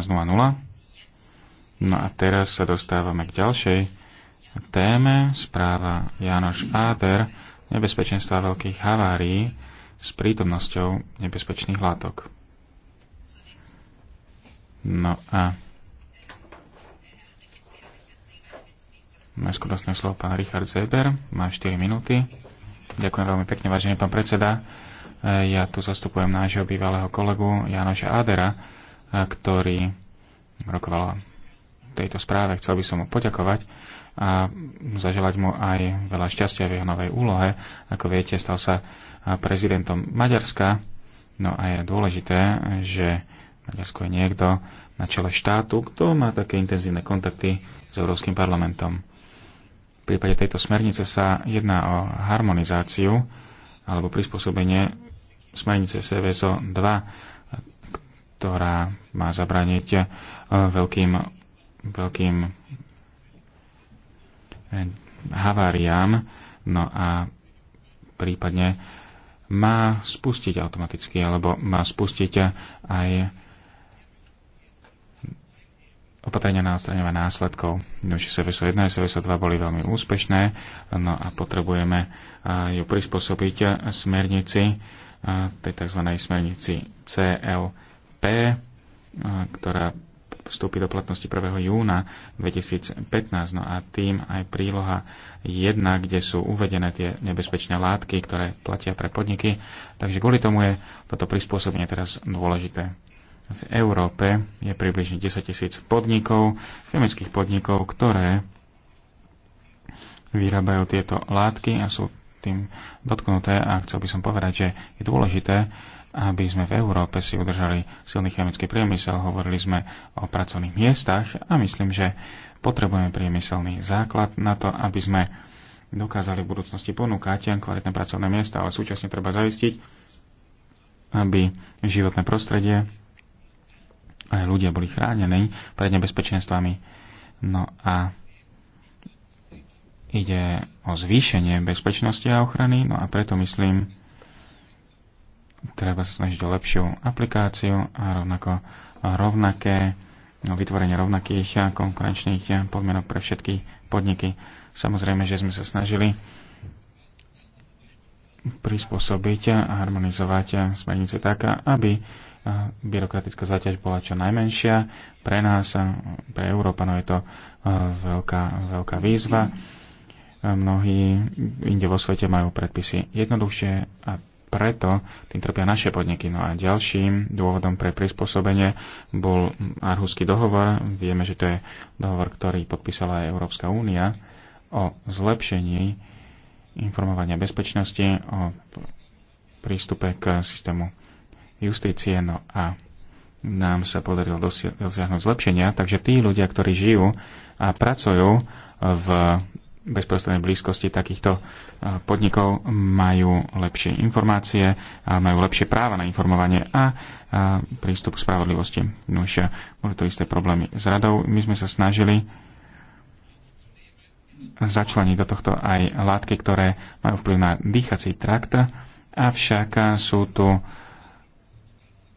12.00. No a teraz sa dostávame k ďalšej téme. Správa Janoš Áder nebezpečenstva veľkých havárií s prítomnosťou nebezpečných látok. No a najskôr skutočné slovo pán Richard Zeber, má 4 minúty. Ďakujem veľmi pekne, vážený pán predseda. E, ja tu zastupujem nášho bývalého kolegu Janoša Adera, ktorý rokoval v tejto správe. Chcel by som mu poďakovať a zaželať mu aj veľa šťastia v jeho novej úlohe. Ako viete, stal sa prezidentom Maďarska. No a je dôležité, že Maďarsko je niekto na čele štátu, kto má také intenzívne kontakty s Európskym parlamentom. V prípade tejto smernice sa jedná o harmonizáciu alebo prispôsobenie smernice CVSO 2 ktorá má zabrániť eh, veľkým, veľkým eh, haváriám, no a prípadne má spustiť automaticky, alebo má spustiť eh, aj opatrenia na odstraňovanie následkov. Nože SVS 1 a svs 2 boli veľmi úspešné, no a potrebujeme ju prispôsobiť smernici, tej tzv. smernici CL P, ktorá vstúpi do platnosti 1. júna 2015. No a tým aj príloha 1, kde sú uvedené tie nebezpečné látky, ktoré platia pre podniky. Takže kvôli tomu je toto prispôsobenie teraz dôležité. V Európe je približne 10 tisíc podnikov, chemických podnikov, ktoré vyrábajú tieto látky a sú tým dotknuté a chcel by som povedať, že je dôležité, aby sme v Európe si udržali silný chemický priemysel. Hovorili sme o pracovných miestach a myslím, že potrebujeme priemyselný základ na to, aby sme dokázali v budúcnosti ponúkať kvalitné pracovné miesta, ale súčasne treba zaistiť, aby životné prostredie aj ľudia boli chránení pred nebezpečenstvami. No a ide o zvýšenie bezpečnosti a ochrany, no a preto myslím, treba sa snažiť o lepšiu aplikáciu a rovnako rovnaké no, vytvorenie rovnakých a konkurenčných podmienok pre všetky podniky. Samozrejme, že sme sa snažili prispôsobiť a harmonizovať smernice tak, aby byrokratická záťaž bola čo najmenšia. Pre nás, pre Európanov je to e, veľká, veľká výzva. Mnohí inde vo svete majú predpisy jednoduchšie a preto tým trpia naše podniky. No a ďalším dôvodom pre prispôsobenie bol Arhusky dohovor. Vieme, že to je dohovor, ktorý podpísala aj Európska únia o zlepšení informovania bezpečnosti, o prístupe k systému justície. No a nám sa podarilo dosiahnuť zlepšenia, takže tí ľudia, ktorí žijú a pracujú v bezprostrednej blízkosti takýchto e, podnikov majú lepšie informácie, majú lepšie práva na informovanie a e, prístup k spravodlivosti. No už e, boli to isté problémy s radou. My sme sa snažili začleniť do tohto aj látky, ktoré majú vplyv na dýchací trakt, avšak sú tu,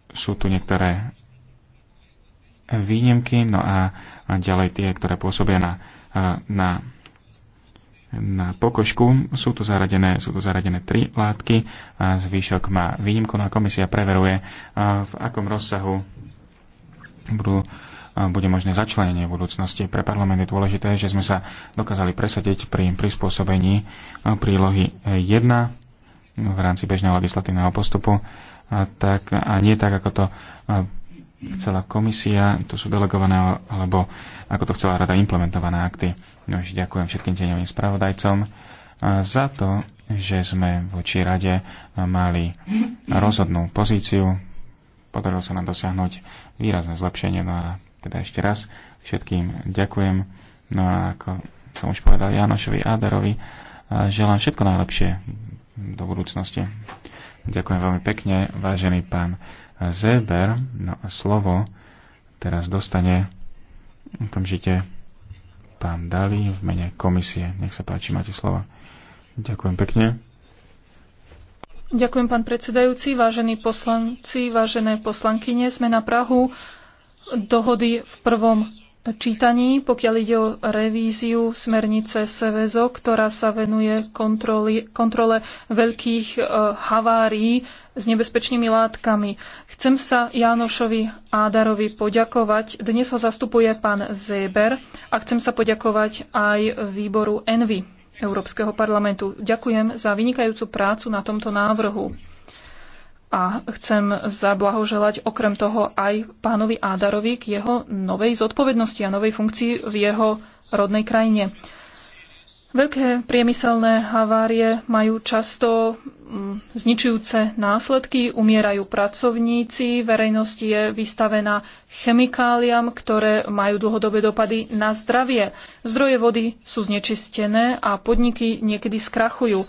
sú tu niektoré výnimky, no a ďalej tie, ktoré pôsobia na, na na pokožku. Sú tu zaradené, sú tu zaradené tri látky a zvyšok má výnimku. No a komisia preveruje, v akom rozsahu budú bude možné začlenenie v budúcnosti. Pre parlament je dôležité, že sme sa dokázali presadiť pri prispôsobení prílohy 1 e, v rámci bežného legislatívneho postupu a, tak, a nie tak, ako to chcela komisia, to sú delegované alebo ako to chcela rada implementované akty. Nož, ďakujem všetkým tieňovým spravodajcom za to, že sme voči rade mali rozhodnú pozíciu. Podarilo sa nám dosiahnuť výrazné zlepšenie. No a teda ešte raz všetkým ďakujem. No a ako som už povedal Janošovi Áderovi, želám všetko najlepšie do budúcnosti. Ďakujem veľmi pekne, vážený pán Zeber. No a slovo teraz dostane okamžite pán Dali v mene komisie. Nech sa páči, máte slova. Ďakujem pekne. Ďakujem, pán predsedajúci, vážení poslanci, vážené poslankyne. Sme na Prahu dohody v prvom čítaní, pokiaľ ide o revíziu smernice SEVEZO, ktorá sa venuje kontroli, kontrole veľkých uh, havárií s nebezpečnými látkami. Chcem sa Jánošovi Ádarovi poďakovať. Dnes ho zastupuje pán Zéber a chcem sa poďakovať aj výboru ENVY Európskeho parlamentu. Ďakujem za vynikajúcu prácu na tomto návrhu a chcem zablahoželať okrem toho aj pánovi Ádarovi k jeho novej zodpovednosti a novej funkcii v jeho rodnej krajine. Veľké priemyselné havárie majú často mm, zničujúce následky, umierajú pracovníci, verejnosť je vystavená chemikáliam, ktoré majú dlhodobé dopady na zdravie. Zdroje vody sú znečistené a podniky niekedy skrachujú.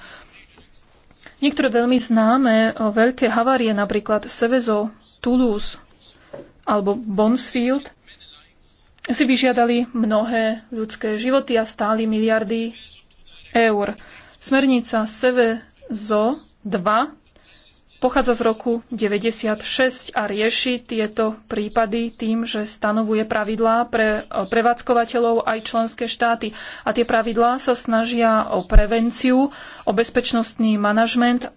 Niektoré veľmi známe eh, veľké havárie, napríklad Sevezo, Toulouse alebo Bonsfield, si vyžiadali mnohé ľudské životy a stáli miliardy eur. Smernica Sevezo 2 pochádza z roku 96 a rieši tieto prípady tým, že stanovuje pravidlá pre prevádzkovateľov aj členské štáty. A tie pravidlá sa snažia o prevenciu, o bezpečnostný manažment,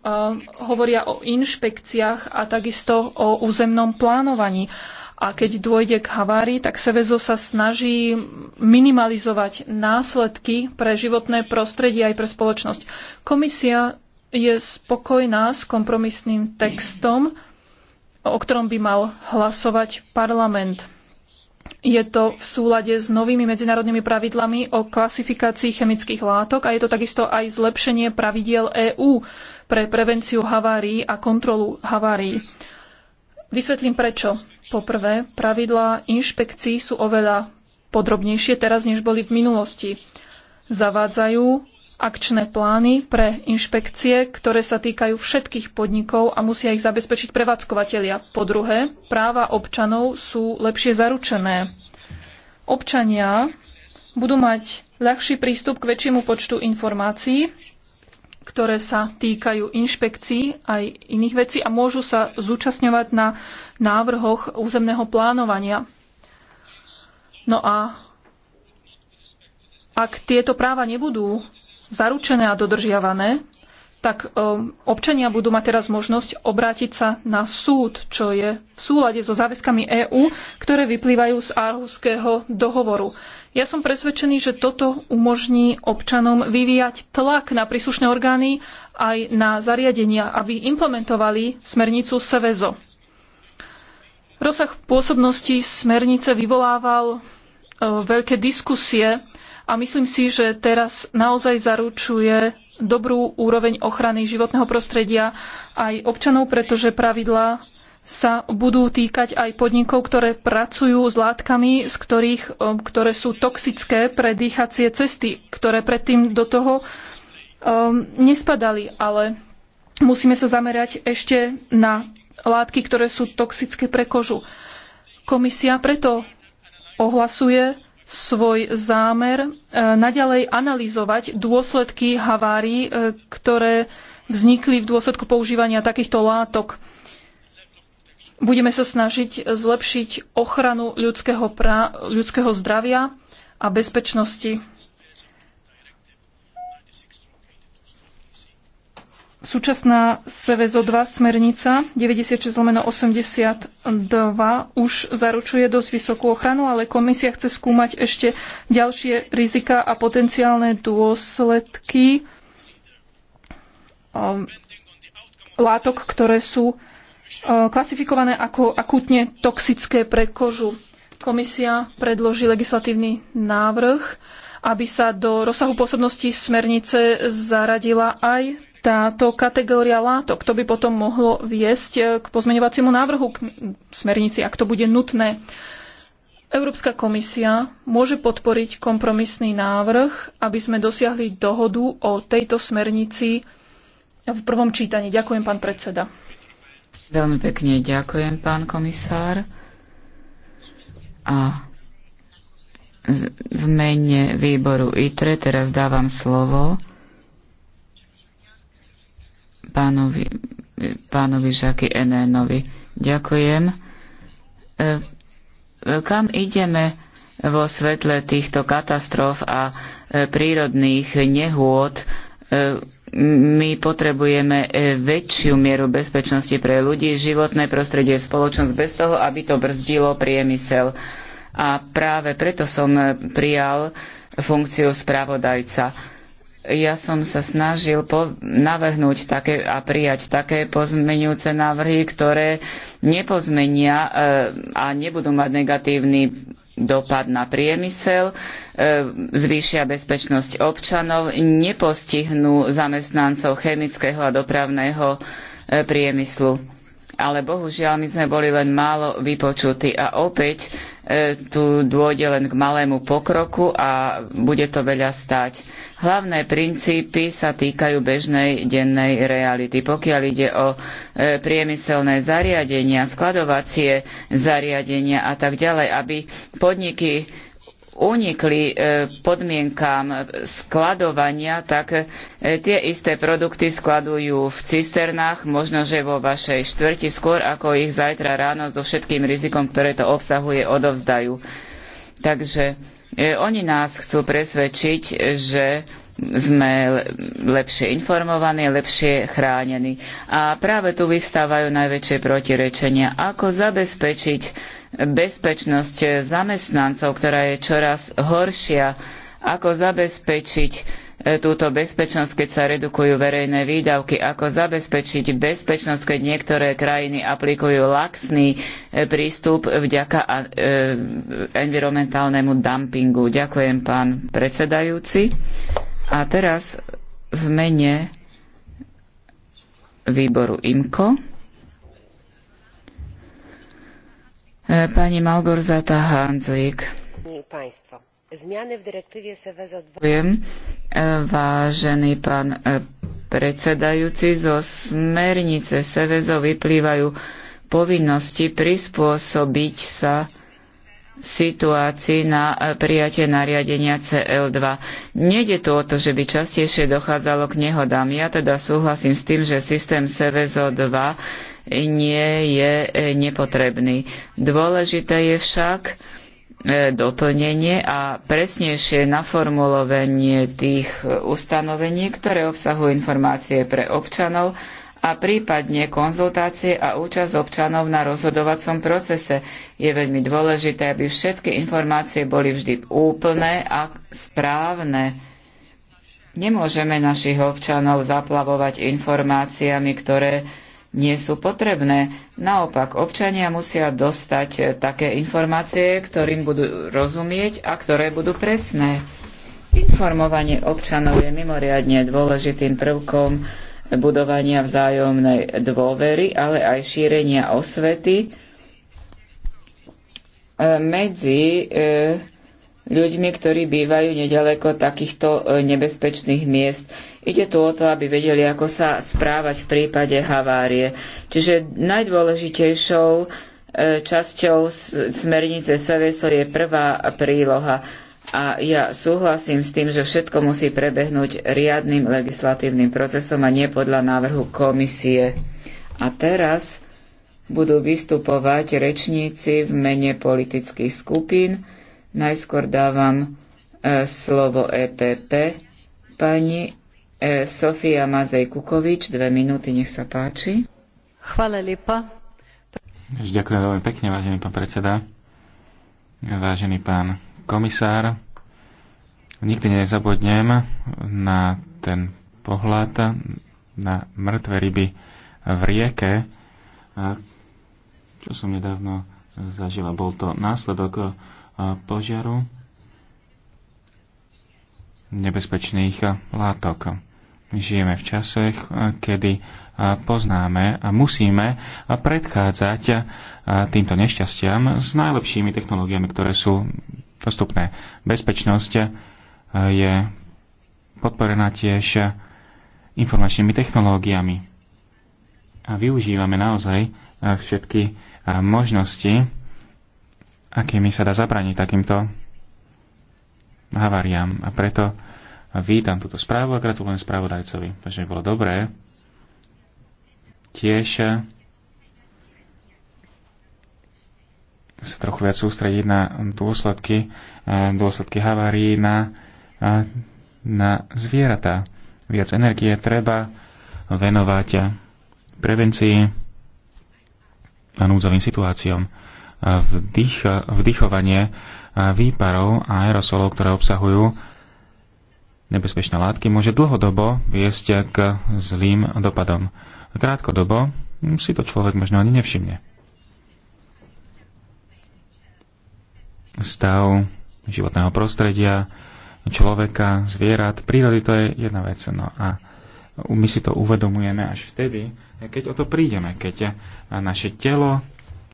hovoria o inšpekciách a takisto o územnom plánovaní. A keď dôjde k havárii, tak Sevezo sa snaží minimalizovať následky pre životné prostredie aj pre spoločnosť. Komisia je spokojná s kompromisným textom, o ktorom by mal hlasovať parlament. Je to v súlade s novými medzinárodnými pravidlami o klasifikácii chemických látok a je to takisto aj zlepšenie pravidiel EÚ pre prevenciu havárií a kontrolu havárií. Vysvetlím prečo. Poprvé, pravidlá inšpekcií sú oveľa podrobnejšie teraz, než boli v minulosti. Zavádzajú akčné plány pre inšpekcie, ktoré sa týkajú všetkých podnikov a musia ich zabezpečiť prevádzkovateľia. Po druhé, práva občanov sú lepšie zaručené. Občania budú mať ľahší prístup k väčšiemu počtu informácií, ktoré sa týkajú inšpekcií aj iných vecí a môžu sa zúčastňovať na návrhoch územného plánovania. No a ak tieto práva nebudú zaručené a dodržiavané, tak e, občania budú mať teraz možnosť obrátiť sa na súd, čo je v súlade so záväzkami EÚ, ktoré vyplývajú z Aarhuského dohovoru. Ja som presvedčený, že toto umožní občanom vyvíjať tlak na príslušné orgány aj na zariadenia, aby implementovali smernicu SEVEZO. Rozsah pôsobnosti smernice vyvolával e, veľké diskusie a myslím si, že teraz naozaj zaručuje dobrú úroveň ochrany životného prostredia aj občanov, pretože pravidlá sa budú týkať aj podnikov, ktoré pracujú s látkami, z ktorých, ktoré sú toxické pre dýchacie cesty, ktoré predtým do toho um, nespadali. Ale musíme sa zamerať ešte na látky, ktoré sú toxické pre kožu. Komisia preto ohlasuje svoj zámer e, naďalej analyzovať dôsledky havárií, e, ktoré vznikli v dôsledku používania takýchto látok. Budeme sa snažiť zlepšiť ochranu ľudského, ľudského zdravia a bezpečnosti. Súčasná SVZO 2 smernica 96 82 už zaručuje dosť vysokú ochranu, ale komisia chce skúmať ešte ďalšie rizika a potenciálne dôsledky um, látok, ktoré sú uh, klasifikované ako akútne toxické pre kožu. Komisia predloží legislatívny návrh, aby sa do rozsahu pôsobnosti smernice zaradila aj táto kategória látok. To by potom mohlo viesť e, k pozmeňovaciemu návrhu k smernici, ak to bude nutné. Európska komisia môže podporiť kompromisný návrh, aby sme dosiahli dohodu o tejto smernici v prvom čítaní. Ďakujem, pán predseda. Veľmi pekne ďakujem, pán komisár. A v mene výboru ITRE teraz dávam slovo pánovi, pánovi Žaky Enénovi. Ďakujem. E, e, kam ideme vo svetle týchto katastrof a e, prírodných nehôd? My potrebujeme väčšiu mieru bezpečnosti pre ľudí, životné prostredie, spoločnosť bez toho, aby to brzdilo priemysel. A práve preto som prijal funkciu spravodajca ja som sa snažil navrhnúť také a prijať také pozmenujúce návrhy, ktoré nepozmenia e, a nebudú mať negatívny dopad na priemysel, e, zvýšia bezpečnosť občanov, nepostihnú zamestnancov chemického a dopravného e, priemyslu. Ale bohužiaľ my sme boli len málo vypočutí a opäť E, tu dôjde len k malému pokroku a bude to veľa stáť. Hlavné princípy sa týkajú bežnej dennej reality. Pokiaľ ide o e, priemyselné zariadenia, skladovacie zariadenia a tak ďalej, aby podniky unikli e, podmienkám skladovania, tak e, tie isté produkty skladujú v cisternách, možno že vo vašej štvrti skôr, ako ich zajtra ráno so všetkým rizikom, ktoré to obsahuje, odovzdajú. Takže e, oni nás chcú presvedčiť, že sme lepšie informovaní, lepšie chránení. A práve tu vyvstávajú najväčšie protirečenia. Ako zabezpečiť bezpečnosť zamestnancov, ktorá je čoraz horšia. Ako zabezpečiť e, túto bezpečnosť, keď sa redukujú verejné výdavky, ako zabezpečiť bezpečnosť, keď niektoré krajiny aplikujú laxný e, prístup vďaka e, environmentálnemu dumpingu. Ďakujem, pán predsedajúci. A teraz v mene výboru IMCO. E, pani Malgorzata Hanzlík. Ďakujem, e, vážený pán e, predsedajúci. Zo smernice Sevezo vyplývajú povinnosti prispôsobiť sa situácii na prijatie nariadenia CL2. Nede tu o to, že by častejšie dochádzalo k nehodám. Ja teda súhlasím s tým, že systém CVZo 2 nie je e, nepotrebný. Dôležité je však e, doplnenie a presnejšie naformulovanie tých ustanovení, ktoré obsahujú informácie pre občanov a prípadne konzultácie a účasť občanov na rozhodovacom procese. Je veľmi dôležité, aby všetky informácie boli vždy úplné a správne. Nemôžeme našich občanov zaplavovať informáciami, ktoré nie sú potrebné. Naopak, občania musia dostať eh, také informácie, ktorým budú rozumieť a ktoré budú presné. Informovanie občanov je mimoriadne dôležitým prvkom budovania vzájomnej dôvery, ale aj šírenia osvety eh, medzi eh, ľuďmi, ktorí bývajú nedaleko takýchto nebezpečných miest. Ide tu o to, aby vedeli, ako sa správať v prípade havárie. Čiže najdôležitejšou e, časťou smernice SVS je prvá príloha. A ja súhlasím s tým, že všetko musí prebehnúť riadnym legislatívnym procesom a nie podľa návrhu komisie. A teraz budú vystupovať rečníci v mene politických skupín. Najskôr dávam e, slovo EPP pani E, Sofia Mazej-Kukovič, dve minúty, nech sa páči. Chvále lepa. Ďakujem veľmi pekne, vážený pán predseda, vážený pán komisár. Nikdy nezabudnem na ten pohľad na mŕtve ryby v rieke, čo som nedávno zažila. Bol to následok e, požiaru nebezpečných látok Žijeme v časech, kedy poznáme a musíme predchádzať týmto nešťastiam s najlepšími technológiami, ktoré sú dostupné. Bezpečnosť je podporená tiež informačnými technológiami. A využívame naozaj všetky možnosti, akými sa dá zabraniť takýmto haváriám. A preto vítam túto správu a gratulujem správodajcovi. Takže bolo dobré tiež eh, sa trochu viac sústrediť na dôsledky, eh, dôsledky havárií na, eh, na zvieratá. Viac energie treba venovať prevencii a núdzovým situáciám. Vdych, vdychovanie výparov a aerosolov, ktoré obsahujú nebezpečné látky môže dlhodobo viesť k zlým dopadom. Krátkodobo si to človek možno ani nevšimne. Stav životného prostredia, človeka, zvierat, prírody, to je jedna vec. No a my si to uvedomujeme až vtedy, keď o to prídeme, keď naše telo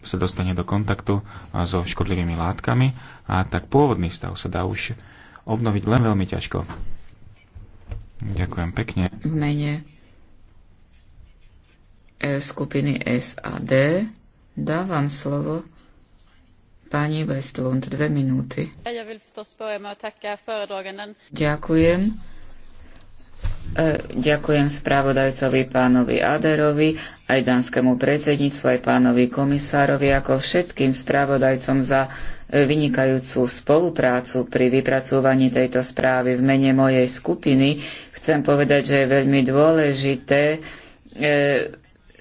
sa dostane do kontaktu so škodlivými látkami a tak pôvodný stav sa dá už obnoviť len veľmi ťažko. Ďakujem pekne. V mene e, skupiny SAD dávam slovo pani Westlund dve minúty. Ďakujem. E, ďakujem spravodajcovi pánovi Aderovi, aj danskému predsedníctvu, aj pánovi komisárovi, ako všetkým spravodajcom za e, vynikajúcu spoluprácu pri vypracovaní tejto správy v mene mojej skupiny chcem povedať, že je veľmi dôležité e,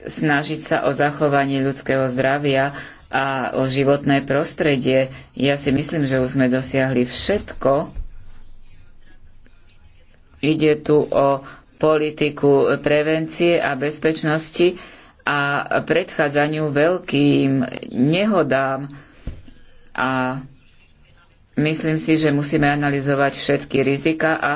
snažiť sa o zachovanie ľudského zdravia a o životné prostredie. Ja si myslím, že už sme dosiahli všetko. Ide tu o politiku prevencie a bezpečnosti a predchádzaniu veľkým nehodám a myslím si, že musíme analyzovať všetky rizika a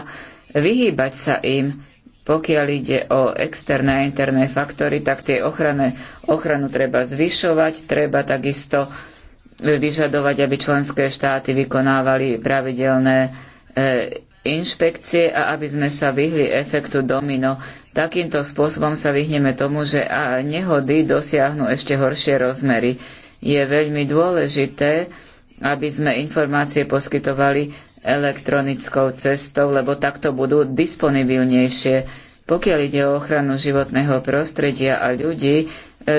vyhýbať sa im. Pokiaľ ide o externé a interné faktory, tak tie ochrane, ochranu treba zvyšovať, treba takisto vyžadovať, aby členské štáty vykonávali pravidelné e, inšpekcie a aby sme sa vyhli efektu domino. Takýmto spôsobom sa vyhneme tomu, že a nehody dosiahnu ešte horšie rozmery. Je veľmi dôležité, aby sme informácie poskytovali elektronickou cestou, lebo takto budú disponibilnejšie. Pokiaľ ide o ochranu životného prostredia a ľudí, e,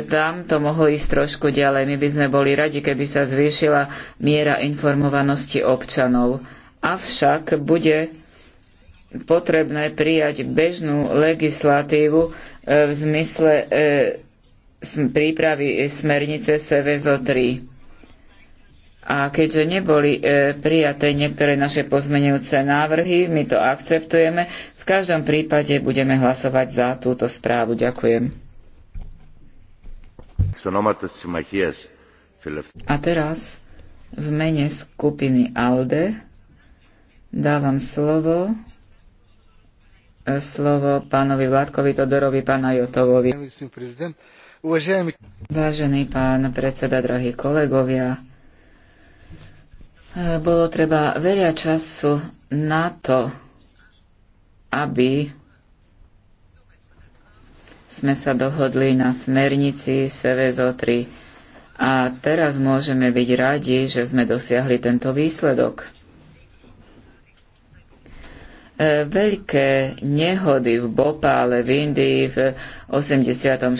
tam to mohlo ísť trošku ďalej. My by sme boli radi, keby sa zvýšila miera informovanosti občanov. Avšak bude potrebné prijať bežnú legislatívu e, v zmysle e, prípravy smernice cvzo 3 a keďže neboli e, prijaté niektoré naše pozmenujúce návrhy, my to akceptujeme. V každom prípade budeme hlasovať za túto správu. Ďakujem. A teraz v mene skupiny ALDE dávam slovo e, slovo pánovi Vládkovi Todorovi, pána Jotovovi. Vážený pán predseda, drahí kolegovia, bolo treba veľa času na to, aby sme sa dohodli na smernici SVZO 3 a teraz môžeme byť radi, že sme dosiahli tento výsledok. E, veľké nehody v Bopále, v Indii v 84.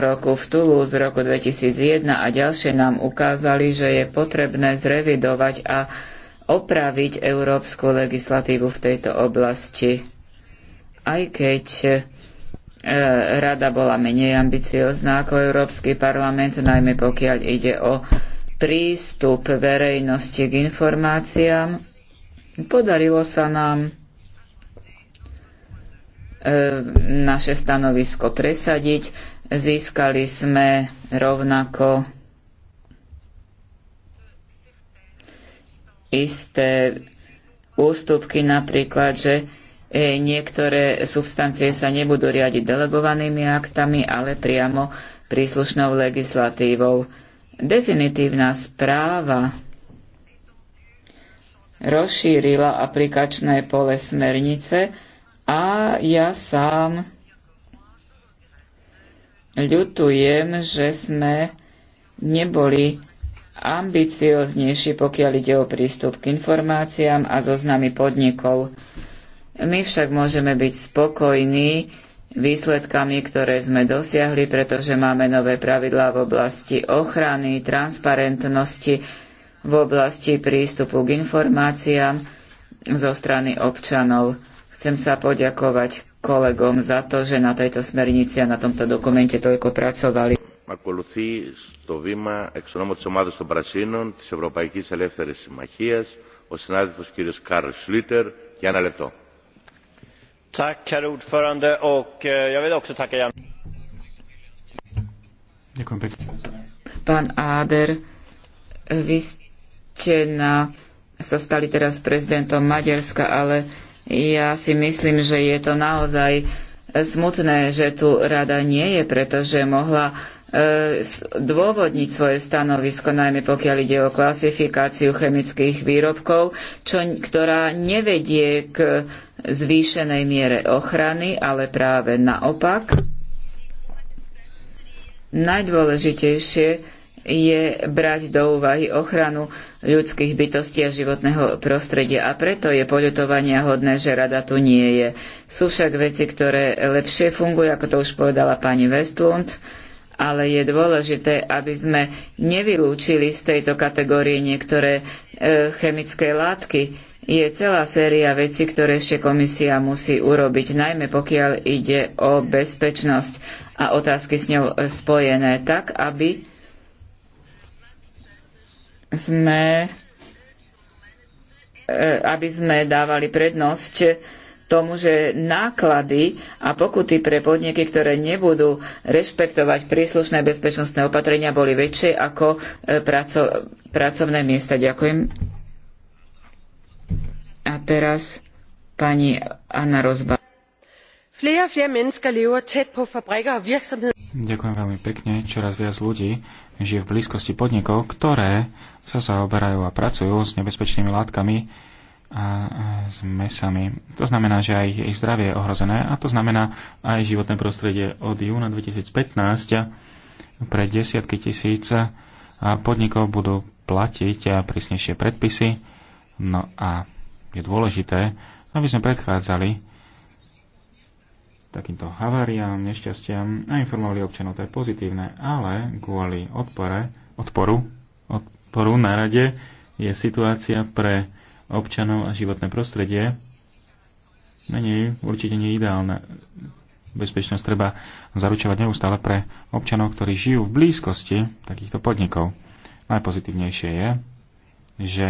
roku, v Toulouse z roku 2001 a ďalšie nám ukázali, že je potrebné zrevidovať a opraviť európsku legislatívu v tejto oblasti. Aj keď e, rada bola menej ambiciozná ako Európsky parlament, najmä pokiaľ ide o prístup verejnosti k informáciám, podarilo sa nám E, naše stanovisko presadiť. Získali sme rovnako isté ústupky, napríklad, že e, niektoré substancie sa nebudú riadiť delegovanými aktami, ale priamo príslušnou legislatívou. Definitívna správa rozšírila aplikačné pole smernice, a ja sám ľutujem, že sme neboli ambicioznejší, pokiaľ ide o prístup k informáciám a zoznami podnikov. My však môžeme byť spokojní výsledkami, ktoré sme dosiahli, pretože máme nové pravidlá v oblasti ochrany, transparentnosti, v oblasti prístupu k informáciám zo strany občanov. Chcem sa poďakovať kolegom za to, že na tejto smernici a na tomto dokumente toľko pracovali. Ακολουθεί στο βήμα εξ ονόμου της ομάδας των Πρασίνων της Ευρωπαϊκής Ελεύθερης Συμμαχίας ο συνάδελφος κ. Κάρλ Σλίτερ για ένα λεπτό. Tack, herr och eh, jag vill också tacka Jan. Ďakujem pekne. Pán Áder, vy ste na, sa stali teraz prezidentom Maďarska, ale ja si myslím, že je to naozaj smutné, že tu rada nie je, pretože mohla e, dôvodniť svoje stanovisko, najmä pokiaľ ide o klasifikáciu chemických výrobkov, čo, ktorá nevedie k zvýšenej miere ochrany, ale práve naopak. Najdôležitejšie je brať do úvahy ochranu ľudských bytostí a životného prostredia a preto je poľutovania hodné, že rada tu nie je. Sú však veci, ktoré lepšie fungujú, ako to už povedala pani Westlund, ale je dôležité, aby sme nevylúčili z tejto kategórie niektoré e, chemické látky. Je celá séria vecí, ktoré ešte komisia musí urobiť, najmä pokiaľ ide o bezpečnosť a otázky s ňou spojené, tak aby sme e, aby sme dávali prednosť tomu, že náklady a pokuty pre podniky, ktoré nebudú rešpektovať príslušné bezpečnostné opatrenia, boli väčšie ako e, praco, pracovné miesta. Ďakujem. A teraz pani Anna Rozba. Flere og flere mennesker lever tæt på fabrikker og virksomheder. Ďakujem veľmi pekne. Čoraz viac ľudí žije v blízkosti podnikov, ktoré sa zaoberajú a pracujú s nebezpečnými látkami a s mesami. To znamená, že aj ich zdravie je ohrozené a to znamená aj životné prostredie od júna 2015 pre desiatky tisíc podnikov budú platiť prísnejšie predpisy. No a je dôležité, aby sme predchádzali takýmto haváriám, nešťastiam a informovali občanov, to je pozitívne, ale kvôli odpore, odporu, odporu na rade je situácia pre občanov a životné prostredie menej určite nie ideálna. Bezpečnosť treba zaručovať neustále pre občanov, ktorí žijú v blízkosti takýchto podnikov. Najpozitívnejšie je, že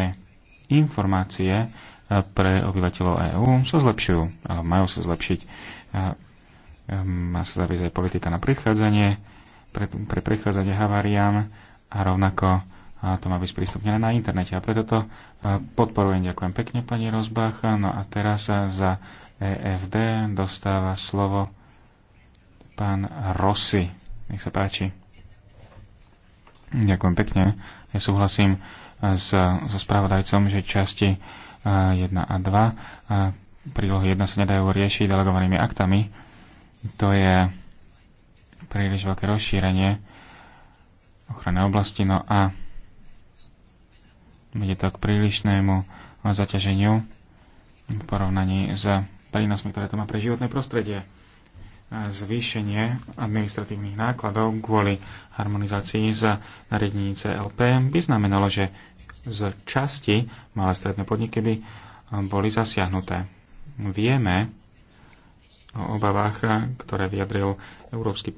informácie pre obyvateľov EÚ sa zlepšujú, alebo majú sa zlepšiť Ehm, má sa zaviesť aj politika na prichádzanie, pre, pre prichádzanie haváriám a rovnako a to má byť sprístupnené na internete. A preto to e, podporujem. Ďakujem pekne, pani Rozbach. No a teraz za EFD dostáva slovo pán Rossi. Nech sa páči. Ďakujem pekne. Ja súhlasím e, s, so spravodajcom, že časti 1 e, a 2 prílohy 1 sa nedajú riešiť delegovanými aktami to je príliš veľké rozšírenie ochranné oblasti, no a bude to k prílišnému zaťaženiu v porovnaní s prínosmi, ktoré to má pre životné prostredie. Zvýšenie administratívnych nákladov kvôli harmonizácii z nariadení CLP by znamenalo, že z časti malé stredné podniky by boli zasiahnuté. Vieme, o obavách, ktoré vyjadril európsky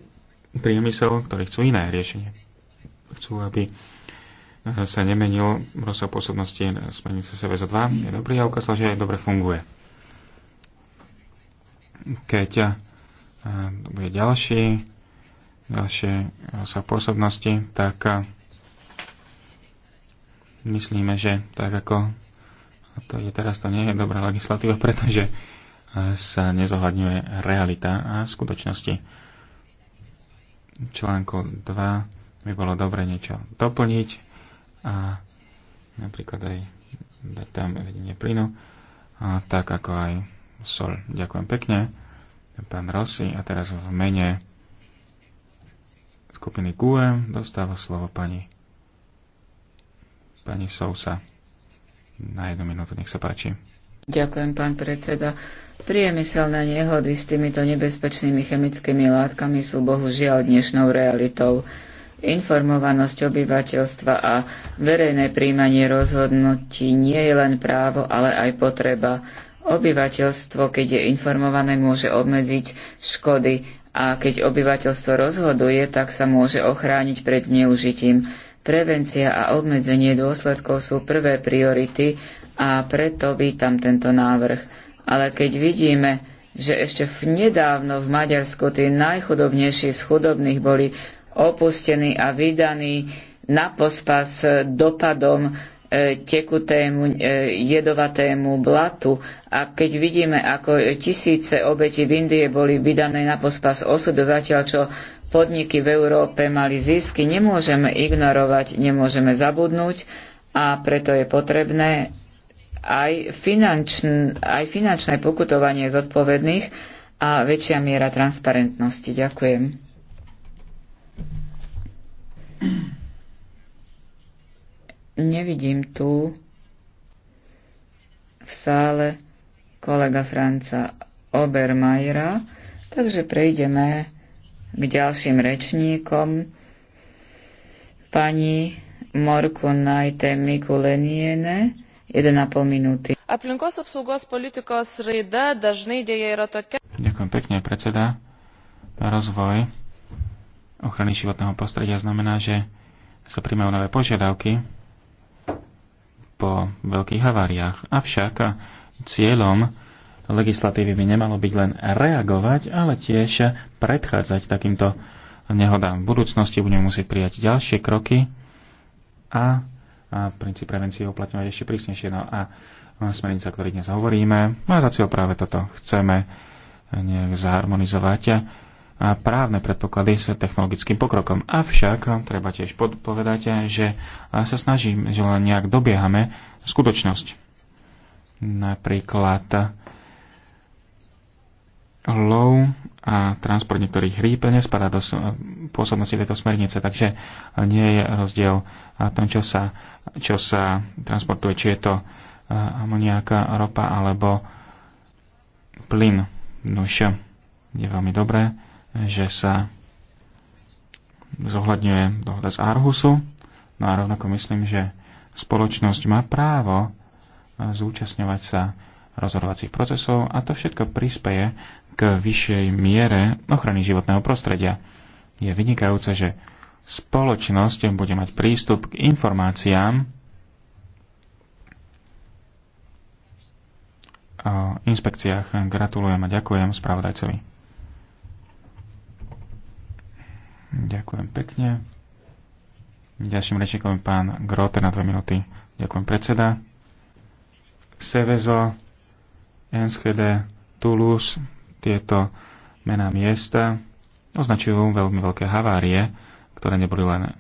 priemysel, ktorí chcú iné riešenie. Chcú, aby sa nemenil rozsah pôsobnosti smernice cvz 2. Je dobrý a ukázal, že aj dobre funguje. Keď eh, bude ďalší, ďalšie rozsah pôsobnosti, tak eh, myslíme, že tak ako to je teraz, to nie je dobrá legislatíva, pretože sa nezohľadňuje realita a skutočnosti. Článku 2 by bolo dobre niečo doplniť a napríklad aj dať tam vedenie plynu, a tak ako aj sol. Ďakujem pekne, pán Rossi. A teraz v mene skupiny QM dostáva slovo pani, pani Sousa. Na jednu minútu, nech sa páči. Ďakujem, pán predseda. Priemyselné nehody s týmito nebezpečnými chemickými látkami sú bohužiaľ dnešnou realitou. Informovanosť obyvateľstva a verejné príjmanie rozhodnutí nie je len právo, ale aj potreba. Obyvateľstvo, keď je informované, môže obmedziť škody a keď obyvateľstvo rozhoduje, tak sa môže ochrániť pred zneužitím. Prevencia a obmedzenie dôsledkov sú prvé priority a preto vítam tento návrh. Ale keď vidíme, že ešte v nedávno v Maďarsku tí najchudobnejší z chudobných boli opustení a vydaní na pospas dopadom e, tekutému, e, jedovatému blatu. A keď vidíme, ako tisíce obetí v Indie boli vydané na pospas osudu, zatiaľ čo podniky v Európe mali zisky, nemôžeme ignorovať, nemôžeme zabudnúť a preto je potrebné aj, finančn, aj finančné pokutovanie zodpovedných a väčšia miera transparentnosti. Ďakujem. Nevidím tu v sále kolega Franca Obermajera, takže prejdeme k ďalším rečníkom. Pani Morku Najte Mikuleniene, Aplinkos apsaugos politikos raida dažnai dėja yra tokia. Ďakujem pekne, predseda. Rozvoj ochrany životného prostredia znamená, že sa príjmajú nové požiadavky po veľkých haváriách. Avšak cieľom legislatívy by nemalo byť len reagovať, ale tiež predchádzať takýmto nehodám. V budúcnosti budeme musieť prijať ďalšie kroky a a princíp prevencie uplatňovať ešte prísnejšie. No a smernica, o ktorej dnes hovoríme, má za cieľ práve toto. Chceme nejak zharmonizovať a právne predpoklady s technologickým pokrokom. Avšak treba tiež povedať, že sa snažím, že len nejak dobiehame skutočnosť. Napríklad lov a transport niektorých rýb nespadá do pôsobnosti tejto smernice, takže nie je rozdiel v tom, čo sa, čo sa transportuje, či je to eh, amoniáka, ropa alebo plyn. Nuž je veľmi dobré, že sa zohľadňuje dohoda z Arhusu. No a rovnako myslím, že spoločnosť má právo eh, zúčastňovať sa rozhodovacích procesov a to všetko prispeje k vyššej miere ochrany životného prostredia. Je vynikajúce, že spoločnosť bude mať prístup k informáciám o inspekciách. Gratulujem a ďakujem spravodajcovi. Ďakujem pekne. Ďalším rečníkom je pán Grote na dve minúty. Ďakujem predseda. Sevezo, Enschede, Toulouse, tieto mená miesta označujú veľmi veľké havárie, ktoré neboli len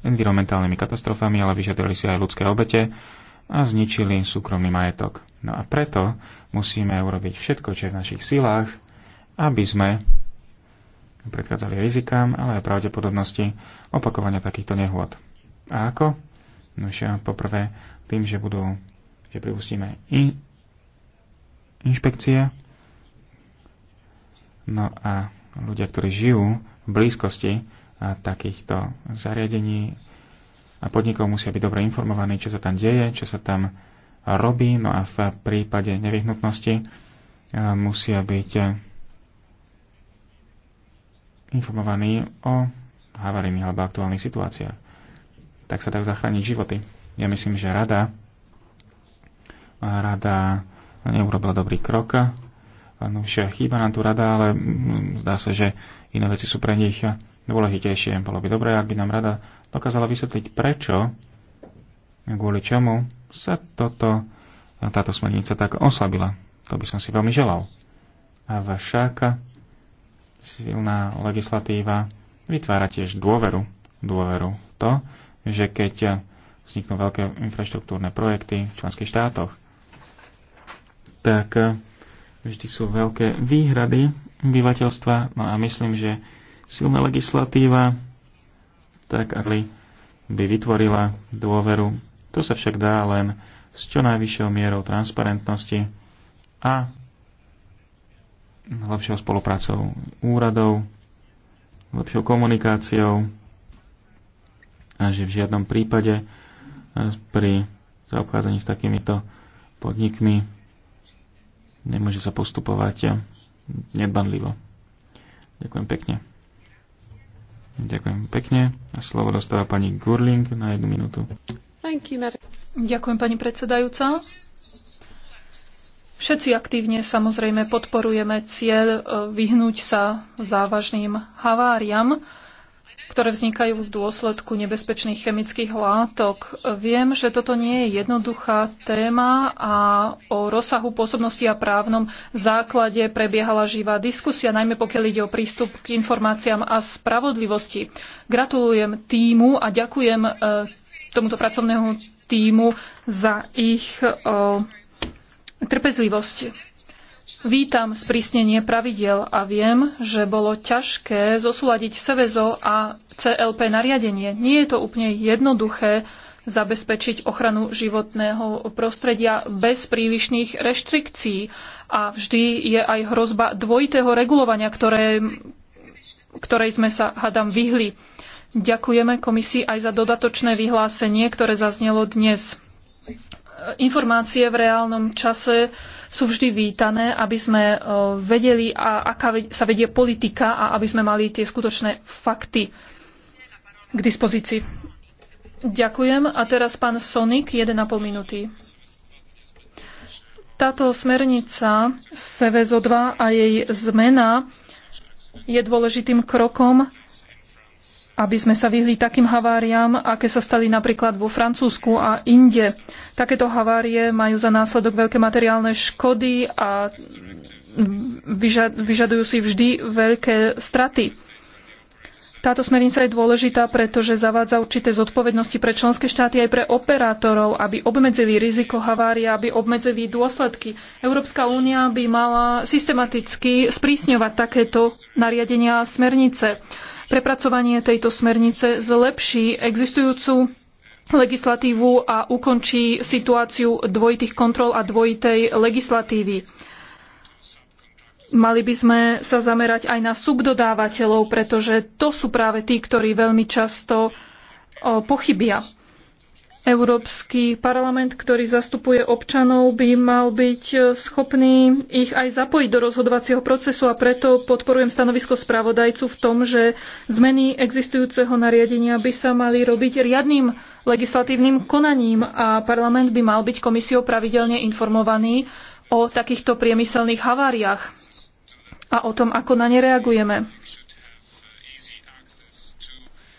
environmentálnymi katastrofami, ale vyžadovali si aj ľudské obete a zničili súkromný majetok. No a preto musíme urobiť všetko, čo je v našich silách, aby sme predchádzali rizikám, ale aj pravdepodobnosti opakovania takýchto nehôd. A ako? No poprvé tým, že budú, že pripustíme in, inšpekcie, No a ľudia, ktorí žijú v blízkosti takýchto zariadení a podnikov, musia byť dobre informovaní, čo sa tam deje, čo sa tam robí. No a v prípade nevyhnutnosti musia byť informovaní o havarijných alebo aktuálnych situáciách. Tak sa dajú zachrániť životy. Ja myslím, že rada, rada neurobila dobrý krok No však chýba nám tu rada, ale mm, zdá sa, že iné veci sú pre nich dôležitejšie. Bolo by dobré, ak by nám rada dokázala vysvetliť, prečo, kvôli čomu sa toto, táto smernica tak oslabila. To by som si veľmi želal. A však silná legislatíva vytvára tiež dôveru. Dôveru to, že keď vzniknú veľké infraštruktúrne projekty v členských štátoch, tak vždy sú veľké výhrady obyvateľstva. No a myslím, že silná legislatíva, tak aby by vytvorila dôveru. To sa však dá len s čo najvyššou mierou transparentnosti a lepšou spoluprácou úradov, lepšou komunikáciou a že v žiadnom prípade pri zaobchádzaní s takýmito podnikmi nemôže sa postupovať nedbanlivo. Ďakujem pekne. Ďakujem pekne. A slovo dostáva pani Gurling na jednu minútu. Ďakujem, pani predsedajúca. Všetci aktívne samozrejme podporujeme cieľ e, vyhnúť sa závažným haváriam ktoré vznikajú v dôsledku nebezpečných chemických látok. Viem, že toto nie je jednoduchá téma a o rozsahu pôsobnosti a právnom základe prebiehala živá diskusia, najmä pokiaľ ide o prístup k informáciám a spravodlivosti. Gratulujem týmu a ďakujem e, tomuto pracovnému týmu za ich e, trpezlivosť. Vítam sprísnenie pravidiel a viem, že bolo ťažké zosúľadiť SEVEZO a CLP nariadenie. Nie je to úplne jednoduché zabezpečiť ochranu životného prostredia bez prílišných reštrikcií. A vždy je aj hrozba dvojitého regulovania, ktoré, ktorej sme sa, hadám vyhli. Ďakujeme komisii aj za dodatočné vyhlásenie, ktoré zaznelo dnes. Informácie v reálnom čase sú vždy vítané, aby sme e, vedeli, aká sa vedie politika a aby sme mali tie skutočné fakty k dispozícii. Ďakujem. A teraz pán Sonik, 1,5 minúty. Táto smernica SEVEZO 2 a jej zmena je dôležitým krokom, aby sme sa vyhli takým haváriám, aké sa stali napríklad vo Francúzsku a inde. Takéto havárie majú za následok veľké materiálne škody a vyžadujú si vždy veľké straty. Táto smernica je dôležitá, pretože zavádza určité zodpovednosti pre členské štáty aj pre operátorov, aby obmedzili riziko havária, aby obmedzili dôsledky. Európska únia by mala systematicky sprísňovať takéto nariadenia a smernice. Prepracovanie tejto smernice zlepší existujúcu legislatívu a ukončí situáciu dvojitých kontrol a dvojitej legislatívy. Mali by sme sa zamerať aj na subdodávateľov, pretože to sú práve tí, ktorí veľmi často pochybia. Európsky parlament, ktorý zastupuje občanov, by mal byť e, schopný ich aj zapojiť do rozhodovacieho procesu a preto podporujem stanovisko spravodajcu v tom, že zmeny existujúceho nariadenia by sa mali robiť riadnym legislatívnym konaním a parlament by mal byť komisiou pravidelne informovaný o takýchto priemyselných haváriách a o tom, ako na ne reagujeme.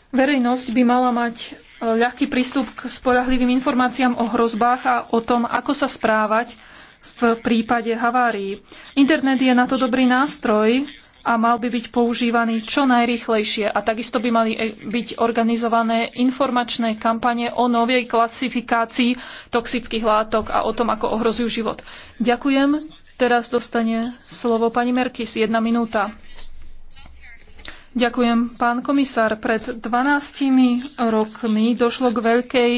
Verejnosť by mala mať ľahký prístup k spolahlivým informáciám o hrozbách a o tom, ako sa správať v prípade havárií. Internet je na to dobrý nástroj a mal by byť používaný čo najrýchlejšie. A takisto by mali e- byť organizované informačné kampane o novej klasifikácii toxických látok a o tom, ako ohrozujú život. Ďakujem. Teraz dostane slovo pani Merkis. Jedna minúta. Ďakujem, pán komisár. Pred 12 rokmi došlo k veľkej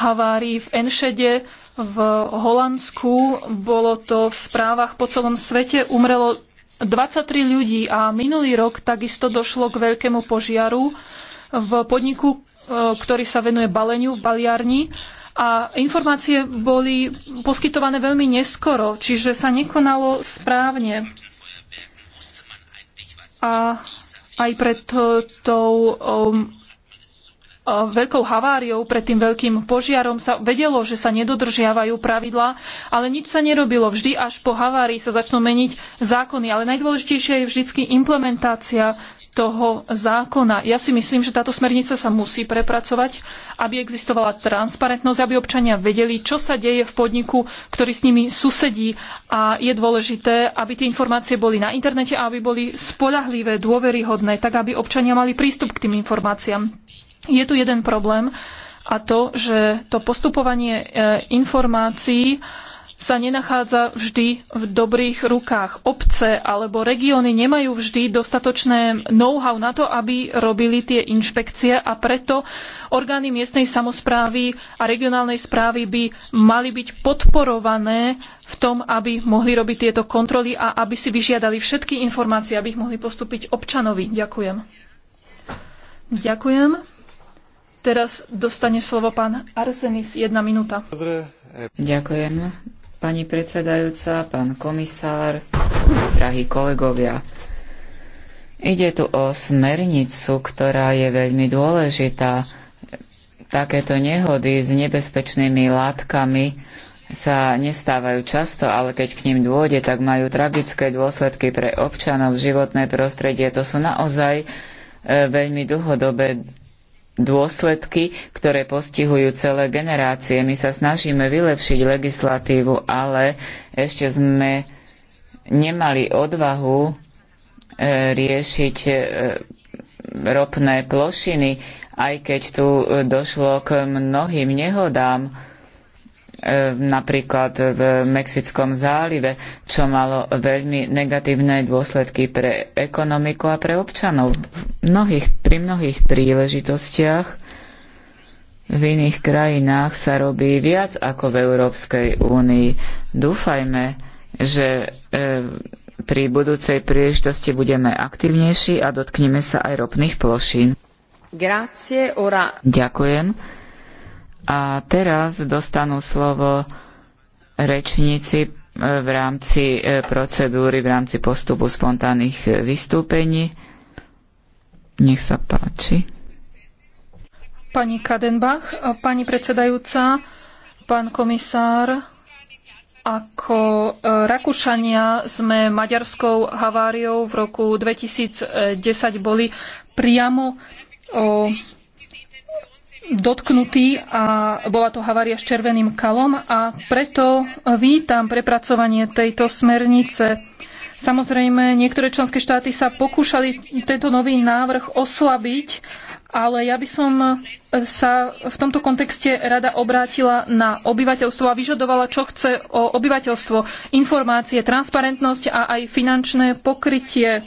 havárii v Enšede v Holandsku. Bolo to v správach po celom svete. Umrelo 23 ľudí a minulý rok takisto došlo k veľkému požiaru v podniku, e, ktorý sa venuje baleniu v baliarni. A informácie boli poskytované veľmi neskoro, čiže sa nekonalo správne. A aj pred tou um, veľkou haváriou, pred tým veľkým požiarom sa vedelo, že sa nedodržiavajú pravidlá, ale nič sa nerobilo. Vždy až po havárii sa začnú meniť zákony, ale najdôležitejšia je vždy implementácia toho zákona. Ja si myslím, že táto smernica sa musí prepracovať, aby existovala transparentnosť, aby občania vedeli, čo sa deje v podniku, ktorý s nimi susedí. A je dôležité, aby tie informácie boli na internete a aby boli spoľahlivé, dôveryhodné, tak aby občania mali prístup k tým informáciám. Je tu jeden problém a to, že to postupovanie e, informácií sa nenachádza vždy v dobrých rukách. Obce alebo regióny nemajú vždy dostatočné know-how na to, aby robili tie inšpekcie a preto orgány miestnej samosprávy a regionálnej správy by mali byť podporované v tom, aby mohli robiť tieto kontroly a aby si vyžiadali všetky informácie, aby ich mohli postúpiť občanovi. Ďakujem. Ďakujem. Teraz dostane slovo pán Arsenis, jedna minúta. Ďakujem pani predsedajúca, pán komisár, drahí kolegovia. Ide tu o smernicu, ktorá je veľmi dôležitá. Takéto nehody s nebezpečnými látkami sa nestávajú často, ale keď k ním dôjde, tak majú tragické dôsledky pre občanov, životné prostredie. To sú naozaj e, veľmi dlhodobé dôsledky, ktoré postihujú celé generácie. My sa snažíme vylepšiť legislatívu, ale ešte sme nemali odvahu e, riešiť e, ropné plošiny, aj keď tu e, došlo k mnohým nehodám E, napríklad v Mexickom zálive, čo malo veľmi negatívne dôsledky pre ekonomiku a pre občanov. Mnohých, pri mnohých príležitostiach v iných krajinách sa robí viac ako v Európskej únii. Dúfajme, že e, pri budúcej príležitosti budeme aktivnejší a dotkneme sa aj ropných plošín. Grazie, ora. Ďakujem. A teraz dostanú slovo rečníci e, v rámci e, procedúry, v rámci postupu spontánnych e, vystúpení. Nech sa páči. Pani Kadenbach, pani predsedajúca, pán komisár, ako Rakúšania sme maďarskou haváriou v roku 2010 boli priamo dotknutý a bola to havária s červeným kalom a preto vítam prepracovanie tejto smernice. Samozrejme, niektoré členské štáty sa pokúšali tento nový návrh oslabiť, ale ja by som sa v tomto kontexte rada obrátila na obyvateľstvo a vyžadovala, čo chce o obyvateľstvo. Informácie, transparentnosť a aj finančné pokrytie.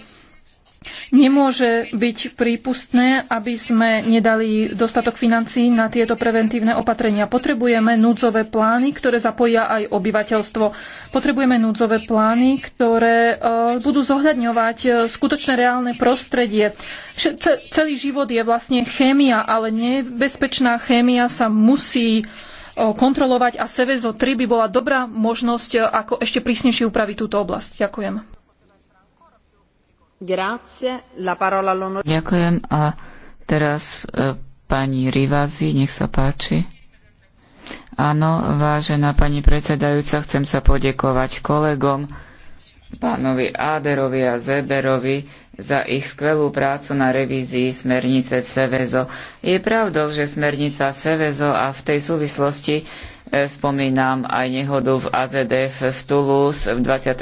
Nemôže byť prípustné, aby sme nedali dostatok financií na tieto preventívne opatrenia. Potrebujeme núdzové plány, ktoré zapoja aj obyvateľstvo. Potrebujeme núdzové plány, ktoré e, budú zohľadňovať e, skutočné reálne prostredie. Celý život je vlastne chémia, ale nebezpečná chémia sa musí e, kontrolovať a Sevezo 3 by bola dobrá možnosť, ako ešte prísnejšie upraviť túto oblasť. Ďakujem. Ďakujem a teraz e, pani Rivazi, nech sa páči. Áno, vážená pani predsedajúca, chcem sa podiekovať kolegom, pánovi Áderovi a Zeberovi, za ich skvelú prácu na revízii smernice Sevezo. Je pravdou, že smernica Sevezo a v tej súvislosti Spomínam aj nehodu v AZF v Toulouse 21.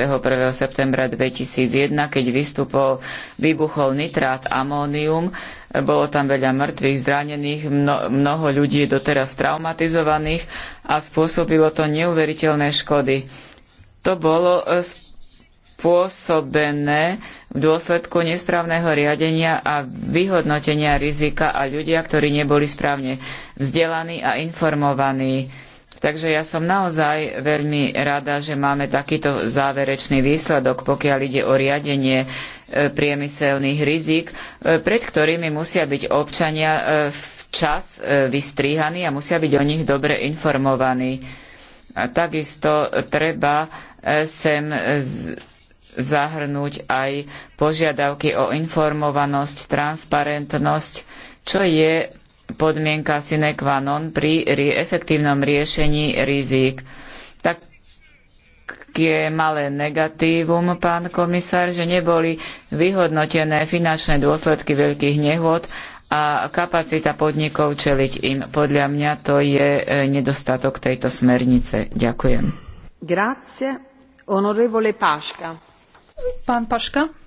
septembra 2001, keď vystupol, vybuchol nitrát amónium. Bolo tam veľa mŕtvych, zranených, mnoho ľudí je doteraz traumatizovaných a spôsobilo to neuveriteľné škody. To bolo e, spôsobené v dôsledku nesprávneho riadenia a vyhodnotenia rizika a ľudia, ktorí neboli správne vzdelaní a informovaní Takže ja som naozaj veľmi rada, že máme takýto záverečný výsledok, pokiaľ ide o riadenie e, priemyselných rizik, e, pred ktorými musia byť občania e, včas vystrihaní a musia byť o nich dobre informovaní. A takisto treba sem zahrnúť aj požiadavky o informovanosť, transparentnosť, čo je podmienka sine qua non pri efektívnom riešení rizík. Také malé negatívum, pán komisár, že neboli vyhodnotené finančné dôsledky veľkých nehôd a kapacita podnikov čeliť im. Podľa mňa to je e, nedostatok tejto smernice. Ďakujem. Grazie, onorevole Paška. Pán Paška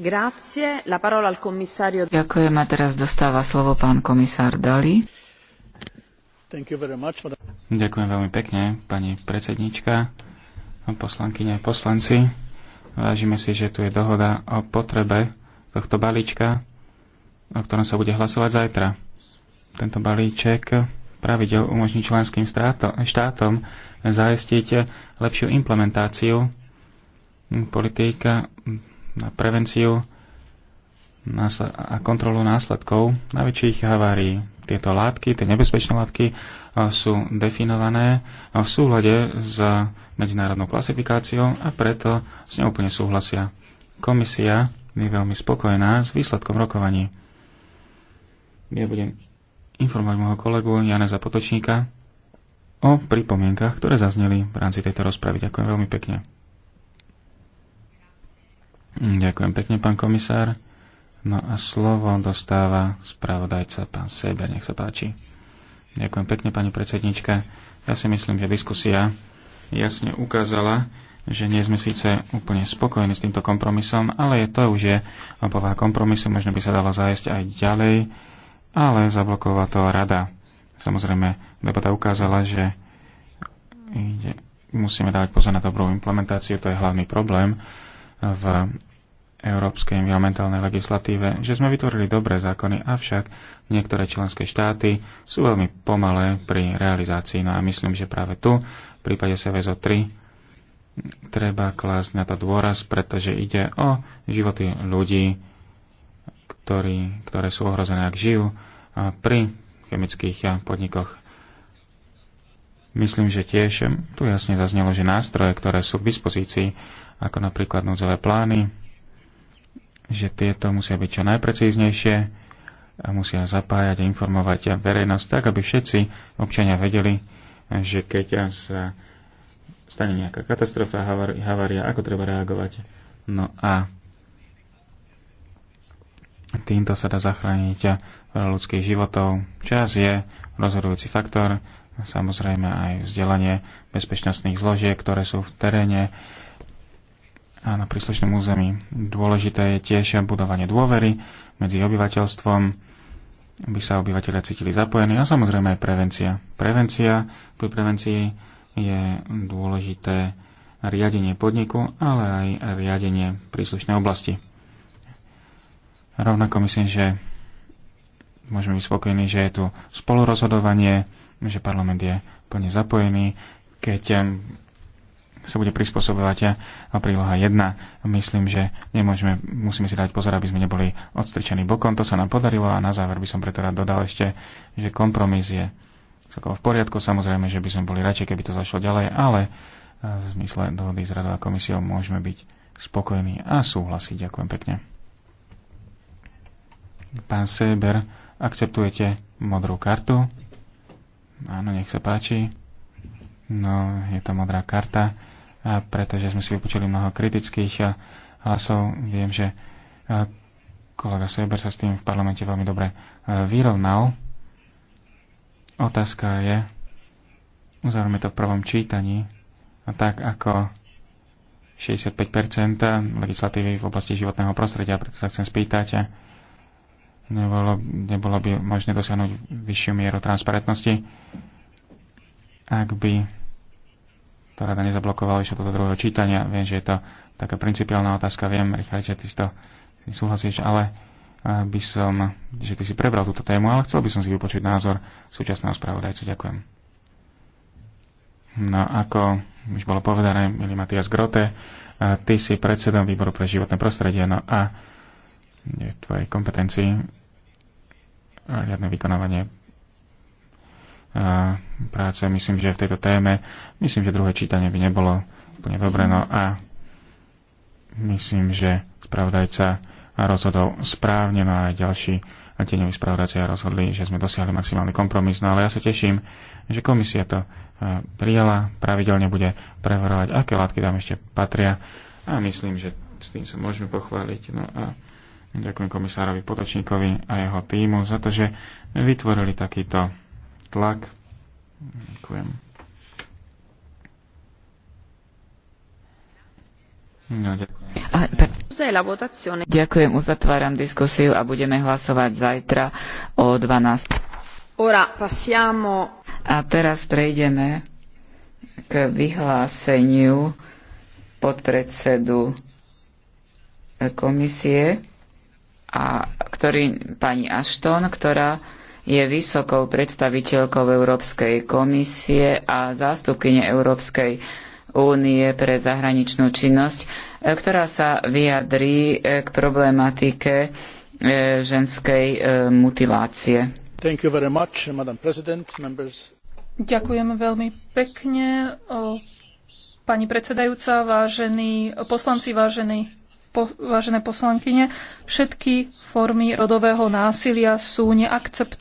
Ďakujem a teraz dostáva slovo pán komisár Dali. Ďakujem veľmi pekne, pani predsednička, poslankyne a poslanci. Vážime si, že tu je dohoda o potrebe tohto balíčka, o ktorom sa bude hlasovať zajtra. Tento balíček pravidel umožní členským štátom zaistiť lepšiu implementáciu politika na prevenciu a kontrolu následkov najväčších havárií. Tieto látky, tie nebezpečné látky e, sú definované v súhľade s medzinárodnou klasifikáciou a preto s ňou úplne súhlasia. Komisia je veľmi spokojná s výsledkom rokovaní. Ja budem informovať môjho kolegu Janeza Potočníka o pripomienkach, ktoré zazneli v rámci tejto rozpravy. Ďakujem veľmi pekne. Ďakujem pekne, pán komisár. No a slovo dostáva spravodajca pán Seber, nech sa páči. Ďakujem pekne, pani predsednička. Ja si myslím, že diskusia jasne ukázala, že nie sme síce úplne spokojní s týmto kompromisom, ale je to už je obová kompromisu, možno by sa dalo zájsť aj ďalej, ale zablokovala to rada. Samozrejme, debata ukázala, že musíme dávať pozor na dobrú implementáciu, to je hlavný problém v európskej environmentálnej legislatíve, že sme vytvorili dobré zákony, avšak niektoré členské štáty sú veľmi pomalé pri realizácii. No a myslím, že práve tu, v prípade SVZO 3, treba klásť na to dôraz, pretože ide o životy ľudí, ktorí, ktoré sú ohrozené, ak žijú pri chemických podnikoch. Myslím, že tiež tu jasne zaznelo, že nástroje, ktoré sú k dispozícii ako napríklad núdzové plány, že tieto musia byť čo najprecíznejšie a musia zapájať a informovať a verejnosť tak, aby všetci občania vedeli, že keď sa stane nejaká katastrofa, havária, ako treba reagovať. No a týmto sa dá zachrániť ľudských životov. Čas je rozhodujúci faktor, samozrejme aj vzdelanie bezpečnostných zložiek, ktoré sú v teréne, a na príslušnom území. Dôležité je tiež budovanie dôvery medzi obyvateľstvom, aby sa obyvateľia cítili zapojení a samozrejme aj prevencia. Prevencia, pri prevencii je dôležité riadenie podniku, ale aj riadenie príslušnej oblasti. Rovnako myslím, že môžeme byť spokojní, že je tu spolurozhodovanie, že parlament je plne zapojený, keď sa bude prispôsobovať a príloha 1. Myslím, že nemôžeme, musíme si dať pozor, aby sme neboli odstrčení bokom. To sa nám podarilo a na záver by som preto rád dodal ešte, že kompromis je celkovo v poriadku. Samozrejme, že by sme boli radšej, keby to zašlo ďalej, ale e, v zmysle dohody s Radou a komisiou môžeme byť spokojní a súhlasiť. Ďakujem pekne. Pán Seber, akceptujete modrú kartu? Áno, nech sa páči. No, je to modrá karta pretože sme si vypočuli mnoho kritických eh, hlasov. Viem, že eh, kolega Seber sa s tým v parlamente veľmi dobre eh, vyrovnal. Otázka je, uzavrieme to v prvom čítaní, a tak ako 65% legislatívy v oblasti životného prostredia, preto sa chcem spýtať, nebolo, nebolo by možné dosiahnuť vyššiu mieru transparentnosti, ak by to rada nezablokovala ešte toto druhého čítania. Viem, že je to taká principiálna otázka, viem, Richard, že ty si to si súhlasíš, ale eh, by som, že ty si prebral túto tému, ale chcel by som si vypočuť názor súčasného spravodajcu. Ďakujem. No ako už bolo povedané, milý Matias Grote, eh, ty si predsedom výboru pre životné prostredie, no a je v tvojej kompetencii eh, riadne vykonávanie práce. Myslím, že v tejto téme, myslím, že druhé čítanie by nebolo úplne dobre. No a myslím, že spravodajca rozhodol správne, no a aj ďalší tieňoví spravodajcia rozhodli, že sme dosiahli maximálny kompromis. No ale ja sa teším, že komisia to prijala, pravidelne bude preverovať, aké látky tam ešte patria a myslím, že s tým sa môžeme pochváliť. No a ďakujem komisárovi Potočníkovi a jeho týmu za to, že vytvorili takýto tlak. Ďakujem. No, ďakujem. ďakujem, uzatváram diskusiu a budeme hlasovať zajtra o 12. A teraz prejdeme k vyhláseniu podpredsedu komisie, a ktorý, pani Ashton, ktorá je vysokou predstaviteľkou Európskej komisie a zástupkyne Európskej únie pre zahraničnú činnosť, e, ktorá sa vyjadrí e, k problematike e, ženskej mutilácie. Much, Ďakujem veľmi pekne, pani predsedajúca, vážení poslanci, vážení po, vážené poslankyne, všetky formy rodového násilia sú neakceptované.